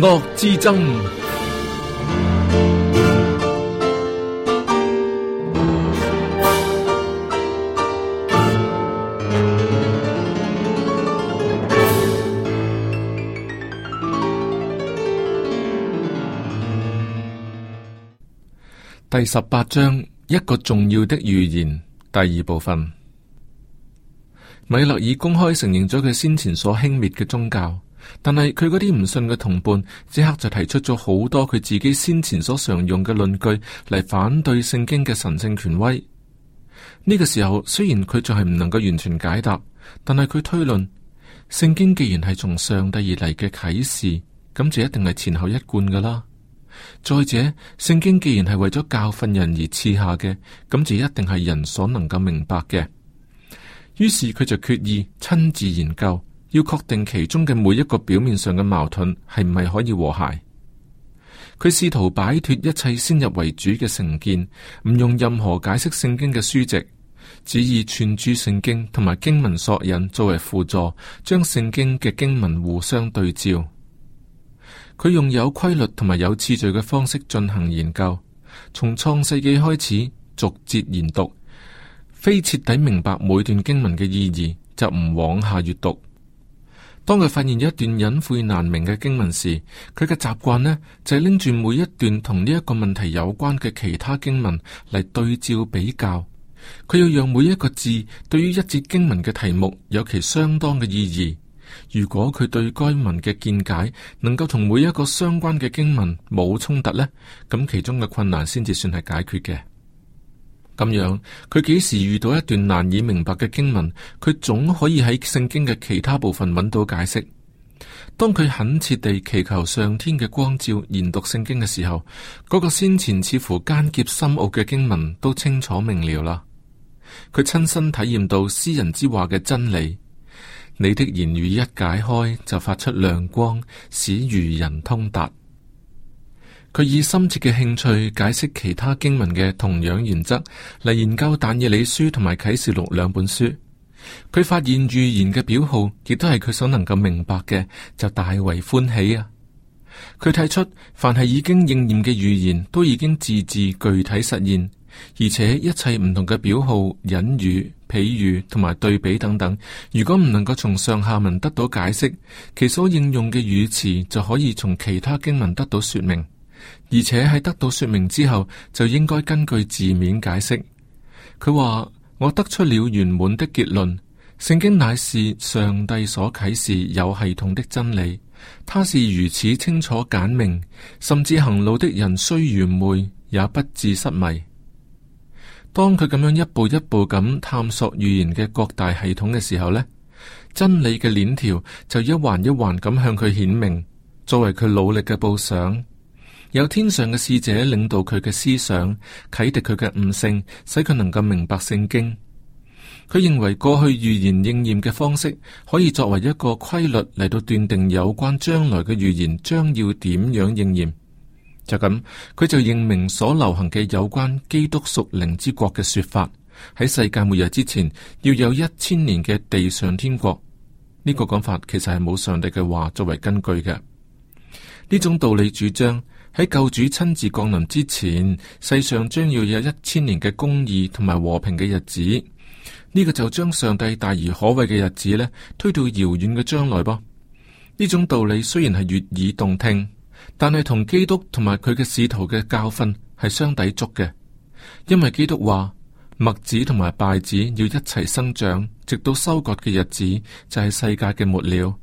惡之爭。第十八章，一個重要的預言，第二部分。米勒已公開承認咗佢先前所輕蔑嘅宗教。但係佢嗰啲唔信嘅同伴，即刻就提出咗好多佢自己先前所常用嘅論據嚟反對聖經嘅神聖權威。呢個時候雖然佢仲係唔能夠完全解答，但係佢推論聖經既然係從上帝而嚟嘅啟示，咁就一定係前後一貫噶啦。再者，聖經既然係為咗教訓人而賜下嘅，咁就一定係人所能夠明白嘅。於是佢就決意親自研究。要確定其中嘅每一個表面上嘅矛盾係唔係可以和諧。佢試圖擺脫一切先入為主嘅成見，唔用任何解釋聖經嘅書籍，只以串注聖經同埋經文索引作為輔助，將聖經嘅經文互相對照。佢用有規律同埋有次序嘅方式進行研究，從創世紀開始逐節研讀，非徹底明白每段經文嘅意義，就唔往下閱讀。當佢發現一段隱晦難明嘅經文時，佢嘅習慣呢，就係拎住每一段同呢一個問題有關嘅其他經文嚟對照比較。佢要讓每一個字對於一節經文嘅題目有其相當嘅意義。如果佢對該文嘅見解能夠同每一個相關嘅經文冇衝突呢，咁其中嘅困難先至算係解決嘅。咁樣，佢幾時遇到一段難以明白嘅經文，佢總可以喺聖經嘅其他部分揾到解釋。當佢懇切地祈求上天嘅光照研讀聖經嘅時候，嗰個先前似乎艱澀深奧嘅經文都清楚明了啦。佢親身體驗到詩人之話嘅真理：，你的言語一解開，就發出亮光，使愚人通達。佢以深切嘅興趣解釋其他經文嘅同樣原則嚟研究《但以理書》同埋《啟示錄》兩本書。佢發現預言嘅表號亦都係佢所能夠明白嘅，就大為歡喜啊！佢提出凡係已經應驗嘅預言，都已經字字具體實現，而且一切唔同嘅表號、隱語、譬喻同埋對比等等，如果唔能夠從上下文得到解釋，其所應用嘅語詞就可以從其他經文得到說明。而且喺得到說明之後就應該根據字面解釋。佢話，我得出了圓滿的結論。聖經乃是上帝所啟示有系統的真理，他是如此清楚簡明，甚至行路的人雖愚昧也不致失迷。當佢咁樣一步一步咁探索預言嘅各大系統嘅時候呢，真理嘅鏈條就一環一環咁向佢顯明，作為佢努力嘅報賞。有天上嘅使者領導佢嘅思想，啟迪佢嘅悟性，使佢能夠明白聖經。佢認為過去預言應驗嘅方式，可以作為一個規律嚟到斷定有關將來嘅預言將要點樣應驗。就咁，佢就認明所流行嘅有關基督屬靈之國嘅說法，喺世界末日之前要有一千年嘅地上天國。呢個講法其實係冇上帝嘅話作為根據嘅。呢種道理主張。喺救主親自降臨之前，世上將要有一千年嘅公義同埋和平嘅日子。呢、這個就將上帝大而可畏嘅日子咧，推到遙遠嘅將來。噃，呢種道理雖然係悅耳動聽，但係同基督同埋佢嘅使徒嘅教訓係相抵觸嘅。因為基督話麥子同埋稗子要一齊生長，直到收割嘅日子就係、是、世界嘅末了。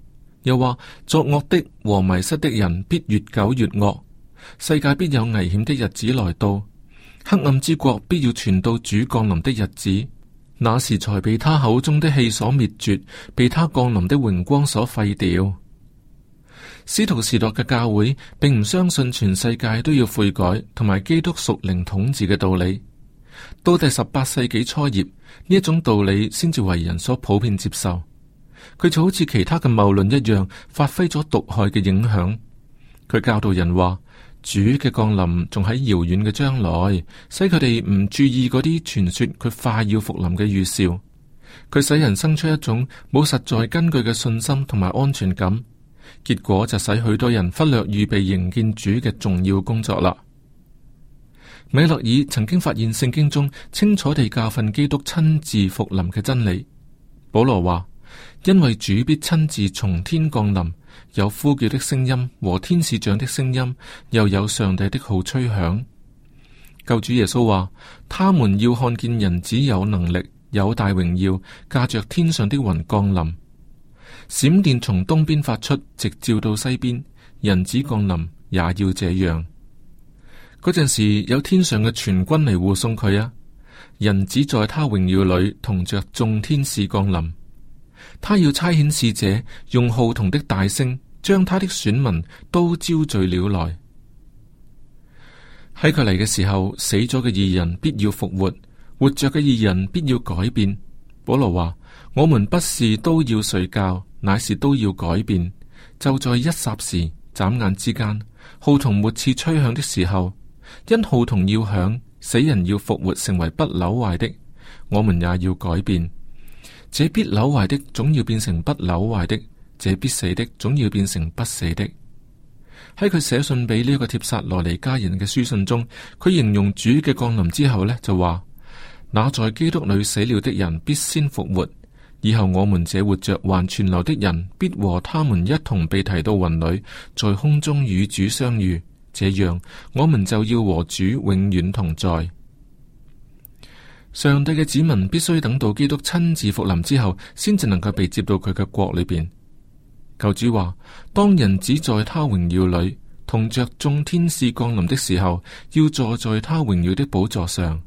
又話作惡的和迷失的人必越久越惡。世界必有危險的日子來到，黑暗之國必要傳到主降臨的日子，那時才被他口中的氣所滅絕，被他降臨的榮光所廢掉。司徒時代嘅教會並唔相信全世界都要悔改，同埋基督屬靈統治嘅道理，到第十八世紀初葉呢一種道理先至為人所普遍接受。佢就好似其他嘅謬論一樣，發揮咗毒害嘅影響。佢教導人話。主嘅降臨仲喺遙遠嘅將來，使佢哋唔注意嗰啲傳說佢快要復臨嘅預兆，佢使人生出一種冇實在根據嘅信心同埋安全感，結果就使許多人忽略預備迎見主嘅重要工作啦。米勒爾曾經發現聖經中清楚地教訓基督親自復臨嘅真理。保羅話。因為主必親自從天降臨，有呼叫的聲音和天使長的聲音，又有上帝的號吹響。救主耶穌話：他們要看見人子有能力，有大榮耀，駕着天上的雲降臨。閃電從東邊發出，直照到西邊。人子降臨也要這樣。嗰陣時有天上嘅全軍嚟護送佢啊！人子在他榮耀裏同着眾天使降臨。他要差遣使者，用號筒的大聲，將他的選民都招聚了來。喺佢嚟嘅時候，死咗嘅義人必要復活，活着嘅義人必要改變。保羅話：我們不是都要睡覺，乃是都要改變。就在一霎時、眨眼之間，號筒末次吹響的時候，因號筒要響，死人要復活成為不朽壞的，我們也要改變。這必朽壞的，總要變成不朽壞的；這必死的，總要變成不死的。喺佢寫信俾呢個帖撒羅尼迦人嘅書信中，佢形容主嘅降臨之後呢，就話：那在基督裏死了的人，必先復活；以後我們這活着還存留的人，必和他們一同被提到雲裏，在空中與主相遇。這樣，我們就要和主永遠同在。上帝嘅子民必須等到基督親自復臨之後，先至能夠被接到佢嘅國裏邊。救主話：當人子在他榮耀裏，同着眾天使降臨的時候，要坐在他榮耀的寶座上。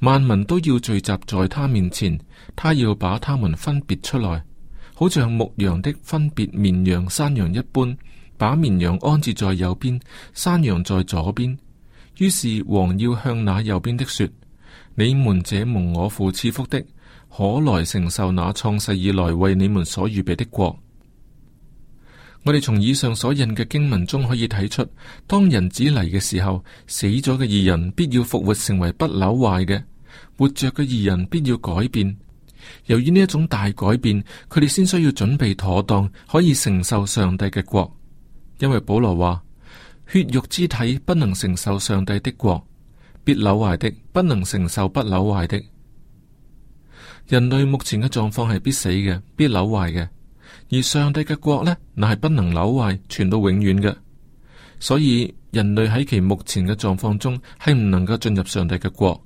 萬民都要聚集在他面前，他要把他們分別出來，好像牧羊的分別綿羊山羊一般，把綿羊安置在右邊，山羊在左邊。於是王要向那右邊的說。你們這蒙我父賜福的，可來承受那創世以來為你們所預備的國。我哋從以上所印嘅經文中可以睇出，當人子嚟嘅時候，死咗嘅義人必要復活成為不朽壞嘅；活着嘅義人必要改變。由於呢一種大改變，佢哋先需要準備妥當，可以承受上帝嘅國。因為保羅話：血肉之體不能承受上帝的國。必扭壞的，不能承受不扭壞的。人類目前嘅狀況係必死嘅，必扭壞嘅。而上帝嘅國呢，乃係不能扭壞，傳到永遠嘅。所以人類喺其目前嘅狀況中，係唔能夠進入上帝嘅國。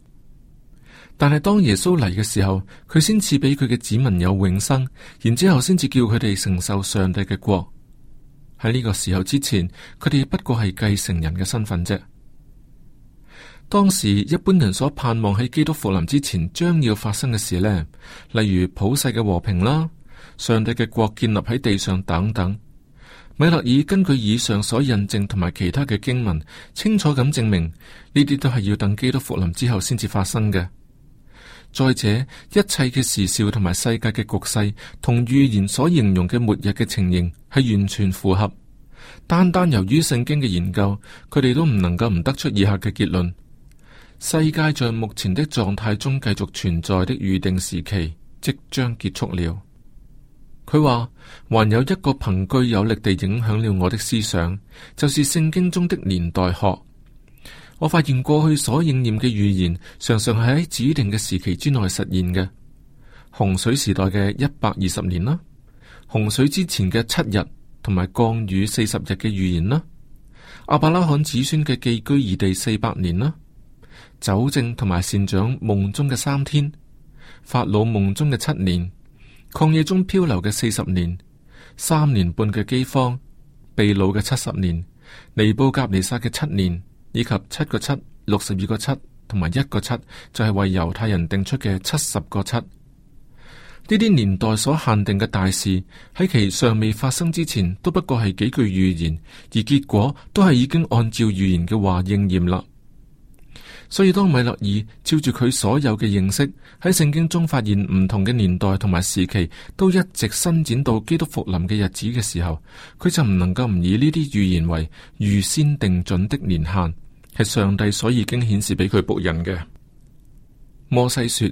但係當耶穌嚟嘅時候，佢先賜俾佢嘅子民有永生，然之後先至叫佢哋承受上帝嘅國。喺呢個時候之前，佢哋不過係繼承人嘅身份啫。當時一般人所盼望喺基督復臨之前將要發生嘅事呢，例如普世嘅和平啦、上帝嘅國建立喺地上等等。米勒爾根據以上所印證同埋其他嘅經文，清楚咁證明呢啲都係要等基督復臨之後先至發生嘅。再者，一切嘅時兆同埋世界嘅局勢同預言所形容嘅末日嘅情形係完全符合。單單由於聖經嘅研究，佢哋都唔能夠唔得出以下嘅結論。世界在目前的狀態中繼續存在的預定時期即將結束了。佢話還有一個憑據有力地影響了我的思想，就是聖經中的年代學。我發現過去所應驗嘅預言，常常係喺指定嘅時期之內實現嘅。洪水時代嘅一百二十年啦，洪水之前嘅七日，同埋降雨四十日嘅預言啦，亞伯拉罕子孫嘅寄居異地四百年啦。走正同埋善長夢中嘅三天，法老夢中嘅七年，曠野中漂流嘅四十年，三年半嘅饑荒，被擄嘅七十年，尼布甲尼撒嘅七年，以及七個七、六十二個七同埋一個七，就係、是、為猶太人定出嘅七十個七。呢啲年代所限定嘅大事，喺其尚未發生之前，都不過係幾句預言，而結果都係已經按照預言嘅話應驗啦。所以當米勒爾照住佢所有嘅認識喺聖經中發現唔同嘅年代同埋時期都一直伸展到基督復臨嘅日子嘅時候，佢就唔能夠唔以呢啲預言為預先定準的年限，係上帝所已經顯示俾佢僕人嘅。摩西說：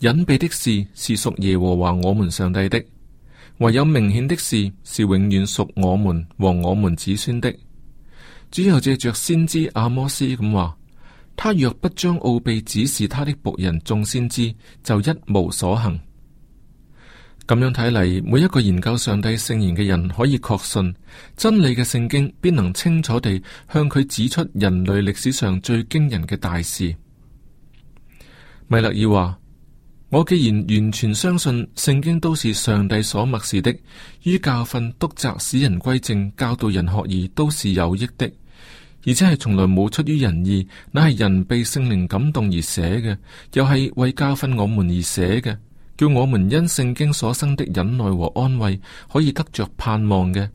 隱祕的事是屬耶和華我們上帝的，唯有明顯的事是，是永遠屬我們和我們子孫的。主又借着先知阿摩斯咁話。他若不將奧秘指示他的僕人眾先知，就一無所行。咁樣睇嚟，每一個研究上帝聖言嘅人可以確信，真理嘅聖經必能清楚地向佢指出人類歷史上最驚人嘅大事。米勒爾話：我既然完全相信聖經都是上帝所默示的，於教訓、督責使人歸正、教導人學義都是有益的。而且係從來冇出於人意，乃係人被聖靈感動而寫嘅，又係為教訓我們而寫嘅，叫我們因聖經所生的忍耐和安慰可以得着盼望嘅，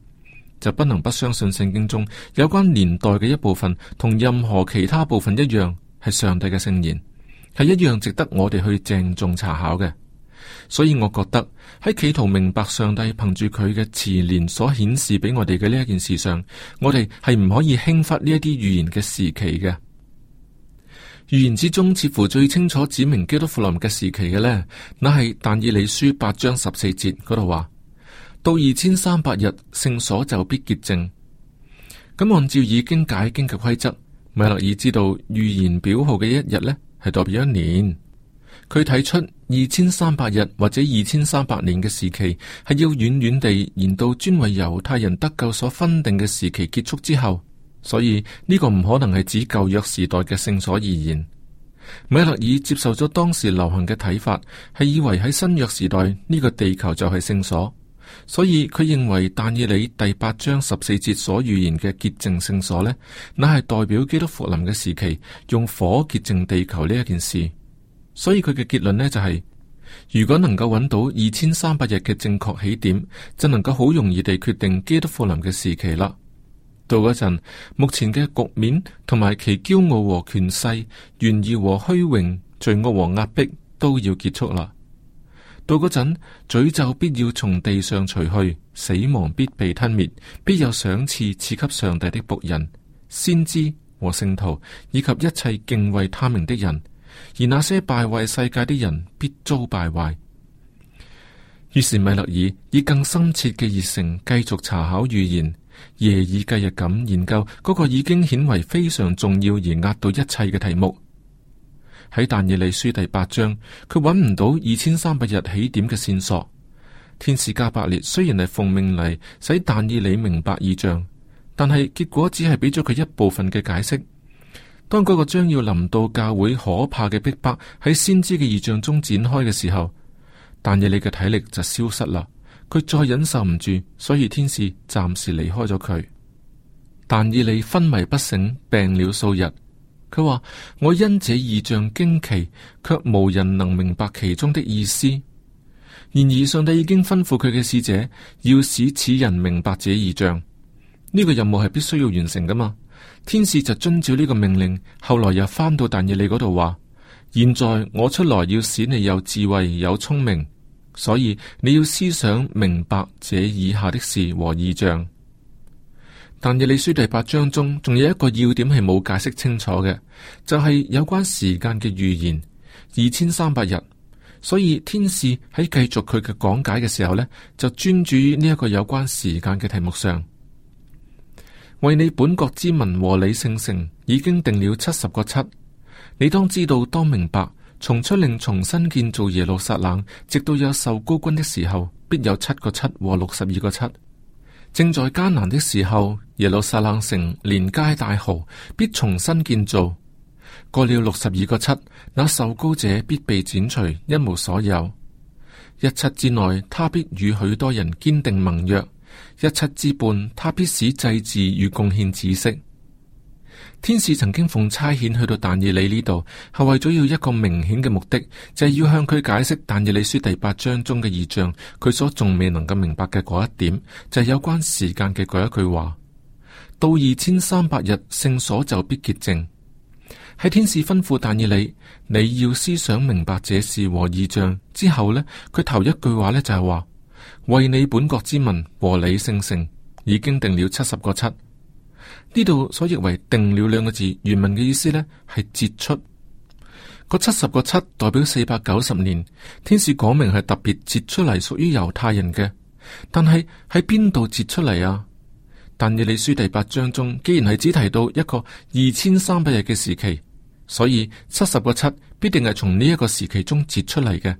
就不能不相信聖經中有關年代嘅一部分，同任何其他部分一樣，係上帝嘅聖言，係一樣值得我哋去鄭重查考嘅。所以我覺得喺企圖明白上帝憑住佢嘅慈憐所顯示俾我哋嘅呢一件事上，我哋係唔可以輕忽呢一啲預言嘅時期嘅。預言之中似乎最清楚指明基督復臨嘅時期嘅呢，那係但以理書八章十四節嗰度話，到二千三百日聖所就必潔淨。咁按照以經解經嘅規則，米勒爾知道預言表號嘅一日呢，係代表一年。佢睇出二千三百日或者二千三百年嘅時期，係要遠遠地延到專為猶太人得救所分定嘅時期結束之後，所以呢個唔可能係指舊約時代嘅聖所而言。米勒爾接受咗當時流行嘅睇法，係以為喺新約時代呢、這個地球就係聖所，所以佢認為但以理第八章十四節所預言嘅潔淨聖所咧，乃係代表基督復臨嘅時期用火潔淨地球呢一件事。所以佢嘅結論呢就係、是，如果能夠揾到二千三百日嘅正確起點，就能夠好容易地決定基督復臨嘅時期啦。到嗰陣，目前嘅局面同埋其驕傲和權勢、願意和虛榮、罪惡和壓迫都要結束啦。到嗰陣，詛咒必要從地上除去，死亡必被吞滅，必有賞賜賜給上帝的僕人、先知和聖徒，以及一切敬畏他名的人。而那些敗壞世界的人必遭敗壞。於是米勒爾以更深切嘅熱誠繼續查考預言，夜以繼日咁研究嗰、那個已經顯為非常重要而壓倒一切嘅題目。喺但以理書第八章，佢揾唔到二千三百日起點嘅線索。天使加百列雖然係奉命嚟使但以理明白異象，但係結果只係俾咗佢一部分嘅解釋。當嗰個將要臨到教會可怕嘅逼迫喺先知嘅異象中展開嘅時候，但以理嘅體力就消失啦。佢再忍受唔住，所以天使暫時離開咗佢。但以理昏迷不醒，病了數日。佢話：我因這異象驚奇，卻無人能明白其中的意思。然而上帝已經吩咐佢嘅使者要使此人明白這異象。呢、這個任務係必須要完成噶嘛。天使就遵照呢個命令，後來又翻到但以理嗰度話：現在我出來要使你有智慧、有聰明，所以你要思想明白這以下的事和異象。但以理書第八章中，仲有一個要點係冇解釋清楚嘅，就係有關時間嘅預言二千三百日。所以天使喺繼續佢嘅講解嘅時候呢，就專注於呢一個有關時間嘅題目上。為你本國之民和你聖城已經定了七十個七，你當知道，當明白，從出令重新建造耶路撒冷，直到有受膏君的時候，必有七個七和六十二個七。正在艱難的時候，耶路撒冷城連街帶濠必重新建造。過了六十二個七，那受膏者必被剪除，一無所有。一七之內，他必與許多人堅定盟約。一七之半，他必使祭祀與貢獻止息。天使曾經奉差遣去到但以理呢度，係為咗要一個明顯嘅目的，就係、是、要向佢解釋但以理書第八章中嘅異象，佢所仲未能夠明白嘅嗰一點，就係、是、有關時間嘅嗰一句話。到二千三百日，聖所就必潔淨。喺天使吩咐但以理，你要思想明白這事和異象之後咧，佢頭一句話咧就係、是、話。為你本國之民和你聖城已經定了七十個七，呢度所譯為定了兩個字，原文嘅意思呢係截出，嗰七十個七代表四百九十年。天使講明係特別截出嚟，屬於猶太人嘅。但係喺邊度截出嚟啊？但以理書第八章中，既然係只提到一個二千三百日嘅時期，所以七十個七必定係從呢一個時期中截出嚟嘅。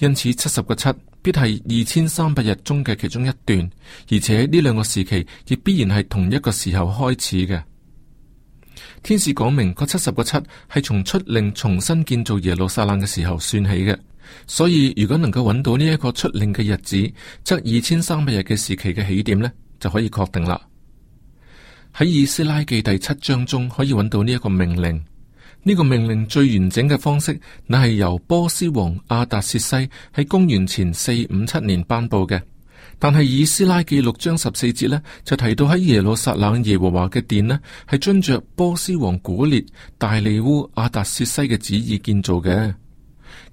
因此，七十個七必係二千三百日中嘅其中一段，而且呢兩個時期亦必然係同一個時候開始嘅。天使講明，嗰七十個七係從出令重新建造耶路撒冷嘅時候算起嘅。所以，如果能夠搵到呢一個出令嘅日子，則二千三百日嘅時期嘅起點呢，就可以確定啦。喺《以斯拉記》第七章中可以搵到呢一個命令。呢個命令最完整嘅方式，乃係由波斯王阿達薛西喺公元前四五七年頒布嘅。但係以斯拉記六章十四節呢，就提到喺耶路撒冷耶和華嘅殿呢，係遵着波斯王古列、大利烏、阿達薛西嘅旨意建造嘅。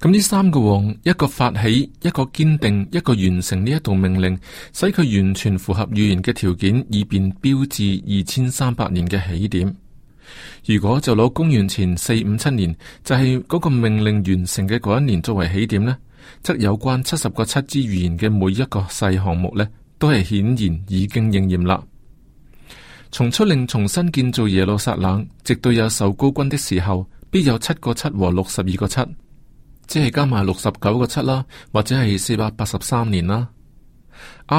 咁呢三個王，一個發起，一個堅定，一個完成呢一道命令，使佢完全符合預言嘅條件，以便標誌二千三百年嘅起點。如果就攞公元前四五七年就係、是、嗰個命令完成嘅嗰一年作為起點呢，則有關七十個七之預言嘅每一個細項目呢，都係顯然已經應驗啦。從出令重新建造耶路撒冷，直到有受膏君的時候，必有七個七和六十二個七，即係加埋六十九個七啦，或者係四百八十三年啦、啊。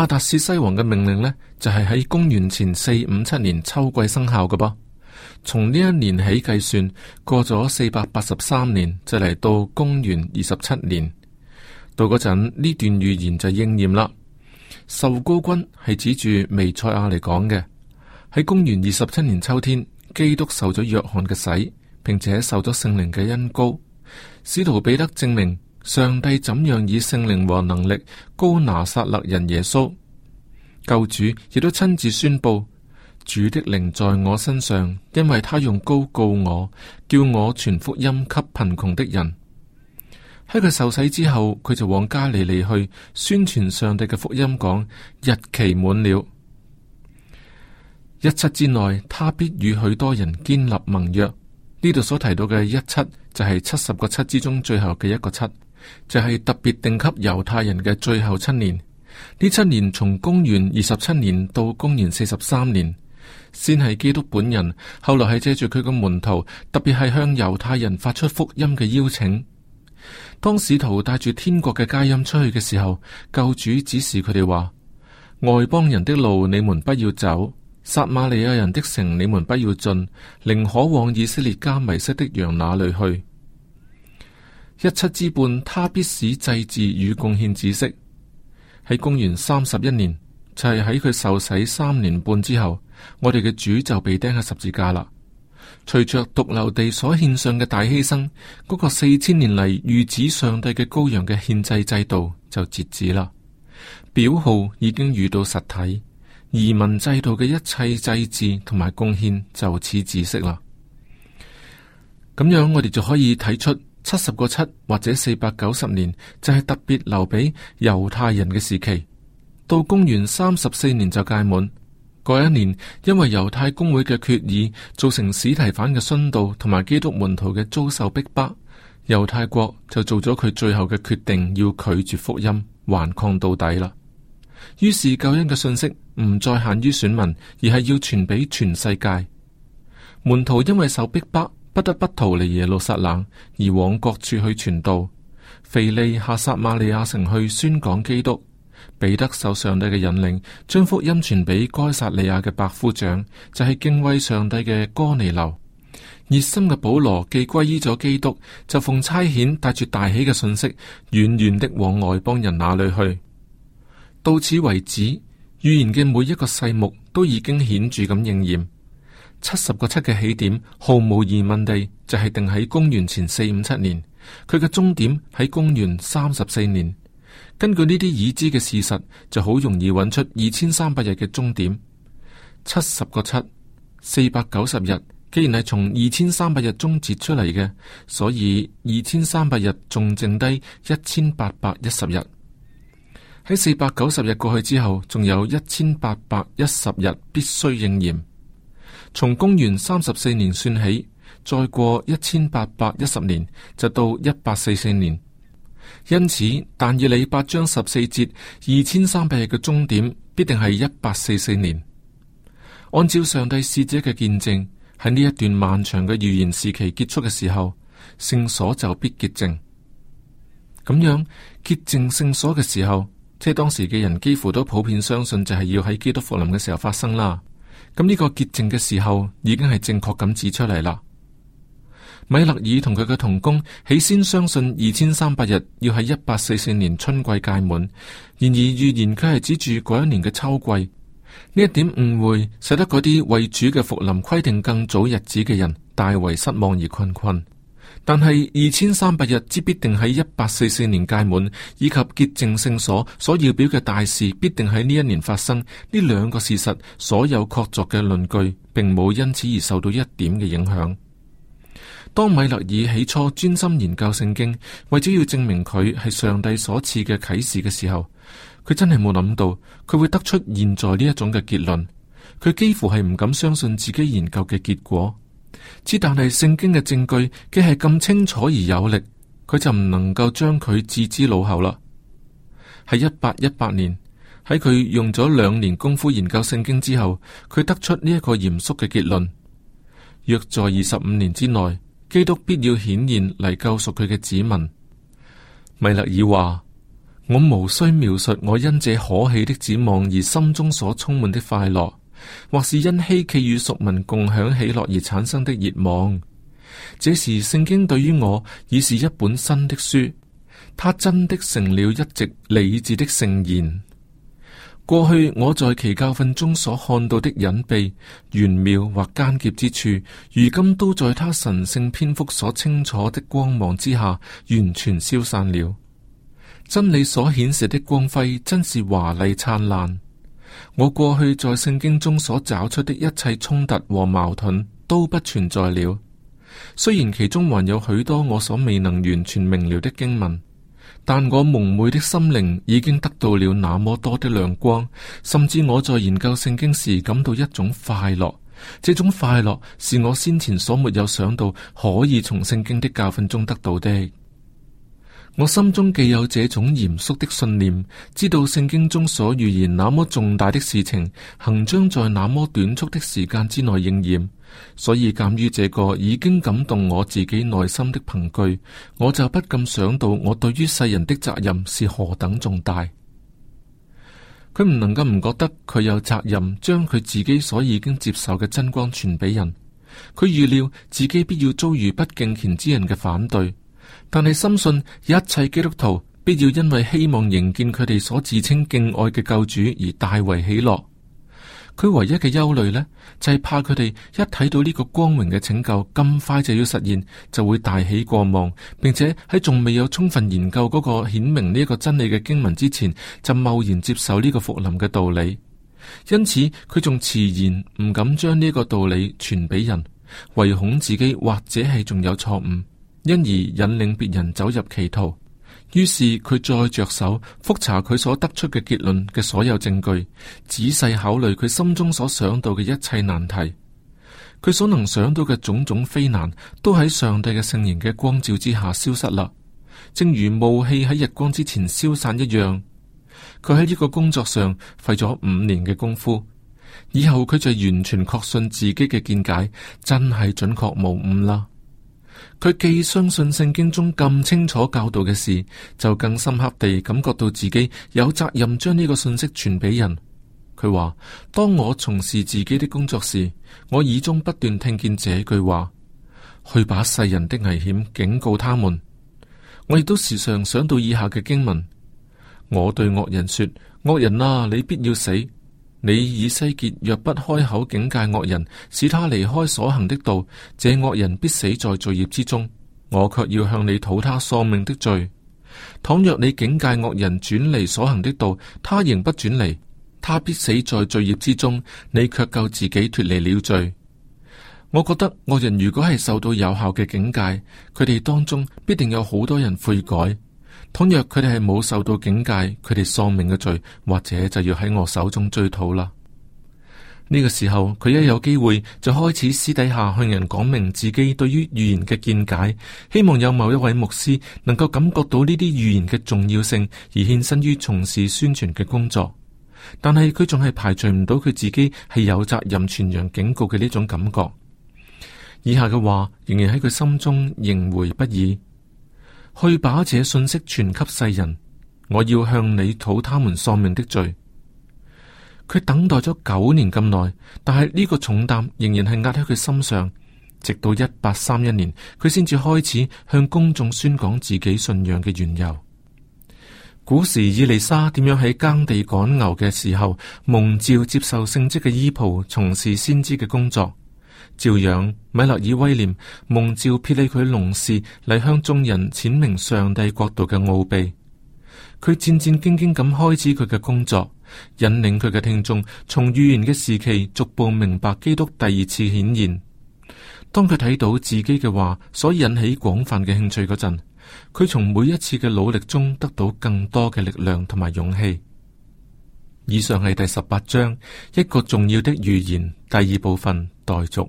亞達薛西王嘅命令呢，就係、是、喺公元前四五七年秋季生效嘅，噃。從呢一年起計算，過咗四百八十三年，就嚟到公元二十七年。到嗰陣呢段預言就應驗啦。受膏君係指住彌賽亞嚟講嘅。喺公元二十七年秋天，基督受咗約翰嘅洗，並且受咗聖靈嘅恩膏。使徒彼得證明上帝怎樣以聖靈和能力膏拿撒勒人耶穌。救主亦都親自宣布。主的靈在我身上，因為他用高告我，叫我傳福音給貧窮的人。喺佢受洗之後，佢就往加利利去宣傳上帝嘅福音。講日期滿了，一七之內，他必與許多人建立盟約。呢度所提到嘅一七就係、是、七十個七之中最後嘅一個七，就係、是、特別定給猶太人嘅最後七年。呢七年從公元二十七年到公元四十三年。先係基督本人，後來係借住佢個門徒，特別係向猶太人發出福音嘅邀請。當使徒帶住天國嘅佳音出去嘅時候，救主指示佢哋話：外邦人的路你們不要走，撒瑪利亞人的城你們不要進，寧可往以色列家迷失的羊那裏去。一七之半，他必使祭祀與貢獻止息。喺公元三十一年，就係喺佢受洗三年半之後。我哋嘅主就被釘喺十字架啦。隨着獨留地所獻上嘅大犧牲，嗰個四千年嚟預指上帝嘅羔羊嘅獻祭制度就截止啦。表號已經遇到實體，移民制度嘅一切祭祀同埋貢獻就此止息啦。咁樣我哋就可以睇出七十個七或者四百九十年就係特別留俾猶太人嘅時期，到公元三十四年就屆滿。嗰一年，因為猶太公會嘅決議，造成史提反嘅殉道，同埋基督門徒嘅遭受逼迫，迫，猶太國就做咗佢最後嘅決定，要拒絕福音，頑抗到底啦。於是救恩嘅信息唔再限於選民，而係要傳俾全世界。門徒因為受逼迫，迫，不得不逃離耶路撒冷，而往各處去傳道。腓利下撒瑪利亞城去宣講基督。彼得受上帝嘅引領，將福音傳俾該撒利亞嘅百夫長，就係、是、敬畏上帝嘅哥尼流。熱心嘅保羅既歸依咗基督，就奉差遣帶住大喜嘅信息，遠遠的往外邦人那裏去。到此為止，預言嘅每一個細目都已經顯著咁應驗。七十個七嘅起點毫無疑問地就係、是、定喺公元前四五七年，佢嘅終點喺公元三十四年。根據呢啲已知嘅事實，就好容易揾出二千三百日嘅終點，七十個七，四百九十日。既然係從二千三百日中截出嚟嘅，所以二千三百日仲剩低一千八百一十日。喺四百九十日過去之後，仲有一千八百一十日必須應驗。從公元三十四年算起，再過一千八百一十年就到一八四四年。因此，但以理八章十四節二千三百日嘅終點，必定係一八四四年。按照上帝使者嘅見證，喺呢一段漫長嘅預言時期結束嘅時候，聖所就必潔淨。咁樣潔淨聖所嘅時候，即係當時嘅人幾乎都普遍相信，就係要喺基督復臨嘅時候發生啦。咁呢個潔淨嘅時候，已經係正確咁指出嚟啦。米勒爾同佢嘅同工起先相信二千三百日要喺一八四四年春季屆滿，然而預言佢係指住嗰一年嘅秋季。呢一點誤會，使得嗰啲為主嘅復臨規定更早日子嘅人大為失望而困困。但係二千三百日之必定喺一八四四年屆滿，以及潔淨聖所所要表嘅大事必定喺呢一年發生，呢兩個事實所有確鑿嘅論據，並冇因此而受到一點嘅影響。當米勒爾起初專心研究聖經，為咗要證明佢係上帝所賜嘅啟示嘅時候，佢真係冇諗到佢會得出現在呢一種嘅結論。佢幾乎係唔敢相信自己研究嘅結果。只但係聖經嘅證據既係咁清楚而有力，佢就唔能夠將佢置之腦後啦。喺一八一八年，喺佢用咗兩年功夫研究聖經之後，佢得出呢一個嚴肅嘅結論：約在二十五年之內。基督必要顯現嚟，救贖佢嘅子民。米勒爾話：我無需描述我因這可喜的指望而心中所充滿的快樂，或是因希冀與俗民共享喜樂而產生的熱望。這時，聖經對於我已是一本新的書，它真的成了一席理智的盛宴。過去我在其教訓中所看到的隱秘、玄妙或艱澀之處，如今都在他神聖篇幅所清楚的光芒之下完全消散了。真理所顯示的光輝真是華麗燦爛，我過去在聖經中所找出的一切衝突和矛盾都不存在了。雖然其中還有許多我所未能完全明了的經文。但我矇昧的心靈已經得到了那麼多的亮光，甚至我在研究聖經時感到一種快樂，這種快樂是我先前所沒有想到可以從聖經的教訓中得到的。我心中既有這種嚴肅的信念，知道聖經中所預言那麼重大的事情，行將在那麼短促的時間之內應驗，所以鑒於這個已經感動我自己內心的憑據，我就不禁想到我對於世人的責任是何等重大。佢唔能夠唔覺得佢有責任將佢自己所已經接受嘅真光傳俾人，佢預料自己必要遭遇不敬虔之人嘅反對。但係深信一切基督徒必要因為希望迎見佢哋所自稱敬愛嘅救主而大為喜樂。佢唯一嘅憂慮呢，就係、是、怕佢哋一睇到呢個光榮嘅拯救咁快就要實現，就會大喜過望，並且喺仲未有充分研究嗰個顯明呢個真理嘅經文之前，就貿然接受呢個復臨嘅道理。因此佢仲遲延唔敢將呢個道理傳俾人，唯恐自己或者係仲有錯誤。因而引領別人走入歧途，於是佢再着手復查佢所得出嘅結論嘅所有證據，仔細考慮佢心中所想到嘅一切難題。佢所能想到嘅種種非難，都喺上帝嘅聖言嘅光照之下消失啦，正如霧氣喺日光之前消散一樣。佢喺呢個工作上費咗五年嘅功夫，以後佢就完全確信自己嘅見解真係準確無誤啦。佢既相信聖經中咁清楚教導嘅事，就更深刻地感覺到自己有責任將呢個信息傳俾人。佢話：當我從事自己的工作時，我耳中不斷聽見這句話，去把世人的危險警告他們。我亦都時常想到以下嘅經文：我對惡人說，惡人啊，你必要死。你以西結若不開口警戒惡人，使他離開所行的道，這惡人必死在罪孽之中。我却要向你討他喪命的罪。倘若你警戒惡人轉離所行的道，他仍不轉離，他必死在罪孽之中。你却救自己脫離了罪。我覺得惡人如果係受到有效嘅警戒，佢哋當中必定有好多人悔改。倘若佢哋係冇受到警戒，佢哋喪命嘅罪，或者就要喺我手中追討啦。呢個時候，佢一有機會就開始私底下向人講明自己對於預言嘅見解，希望有某一位牧師能夠感覺到呢啲預言嘅重要性，而獻身於從事宣傳嘅工作。但係佢仲係排除唔到佢自己係有責任傳揚警告嘅呢種感覺。以下嘅話仍然喺佢心中縈回不已。去把這信息傳給世人，我要向你討他們喪命的罪。佢等待咗九年咁耐，但係呢個重擔仍然係壓喺佢心上，直到一八三一年，佢先至開始向公眾宣講自己信仰嘅緣由。古時以利沙點樣喺耕地趕牛嘅時候，蒙召接受聖職嘅衣袍，從事先知嘅工作。照樣，米勒爾威廉蒙召撇離佢龍士嚟，向眾人闡明上帝國度嘅奧秘。佢戰戰兢兢咁開始佢嘅工作，引領佢嘅聽眾從預言嘅時期逐步明白基督第二次顯現。當佢睇到自己嘅話所引起廣泛嘅興趣嗰陣，佢從每一次嘅努力中得到更多嘅力量同埋勇氣。以上係第十八章一個重要的預言第二部分，待續。